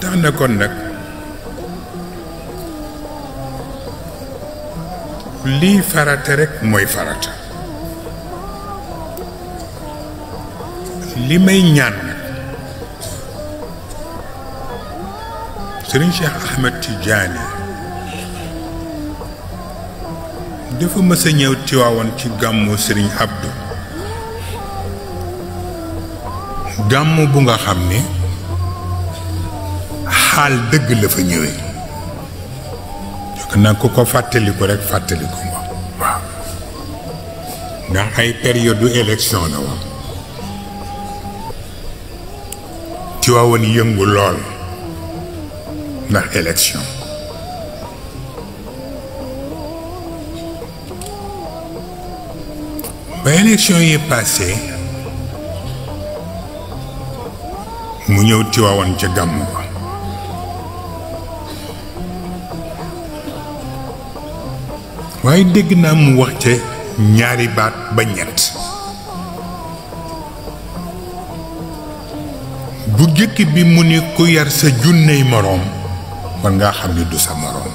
tax na kon nag lii farata rekk mooy farata li may ñaan nag Sëriñ Cheikh Ahmed Tidiane dafa mës ñëw Tiwaawan ci gàmmu Sëriñ Abdou gàmmu bu nga xam ni xaal dëgg la fa ñëwee jokk naa ku ko fàttaliku ndax ay période du élection la woon ci yëngu lool ndax élection ba élection yi passé mu ñëw Tiwaawan ca gàmm ba waaye dégg naa mu wax ca ñaari baat ba ñett bu jëkk bi mu ni ku yar sa junney moroom ba ngaa xam ni du sa moroom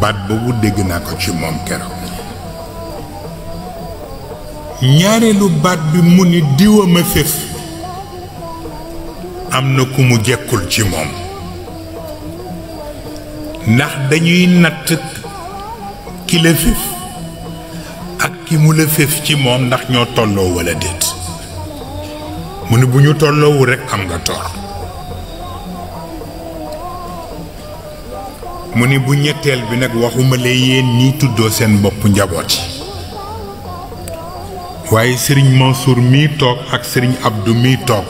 baat boobu dégg naa ko ci moom keroog ñaareelu baat bi mu ni diwa ma féef am na ku mu jekkul ci moom ndax dañuy natt ki la féef ak ki mu la féef ci moom ndax ñoo tolloo wala déet mu ne bu ñu tolloowu rekk am nga tor mu ni bu ñetteel bi nag waxuma la yéen ñiy tuddoo seen boppu njaboot yi waaye sëriñ Mansour mii toog ak sëriñ Abdou mii toog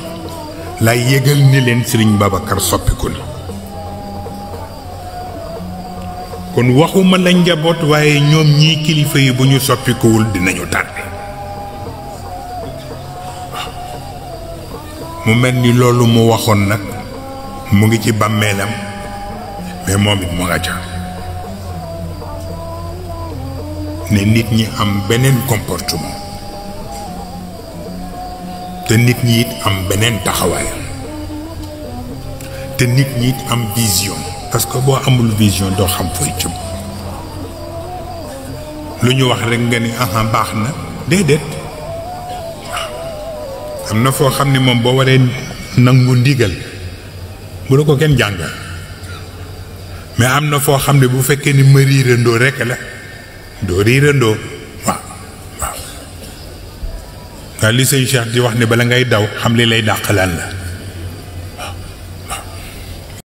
lay yëgal ni leen sëriñ Babacar soppiku na kon waxuma la njaboot waaye ñoom ñii kilifa yi bu ñu soppikuwul dinañu tardé mu mel ni loolu mu waxoon nag mu ngi ci bàmmeelam mais moom it mu nga ca ne nit ñi am beneen comportement te nit ñi it am beneen taxawaay te nit ñi it am vision parce que boo amul vision doo xam fooy jëm lu ñu wax rek nga ni aha baax na déedéet waaw am na foo xam ni moom boo waree nangu ndigal bu la ko kenn jàngal mais am na foo xam ne bu fekkee ni ma riirandoo rek la doo riirandoo waaw waaw ndax li sëñ Cheikh di wax ne bala ngay daw xam li lay dàq lan la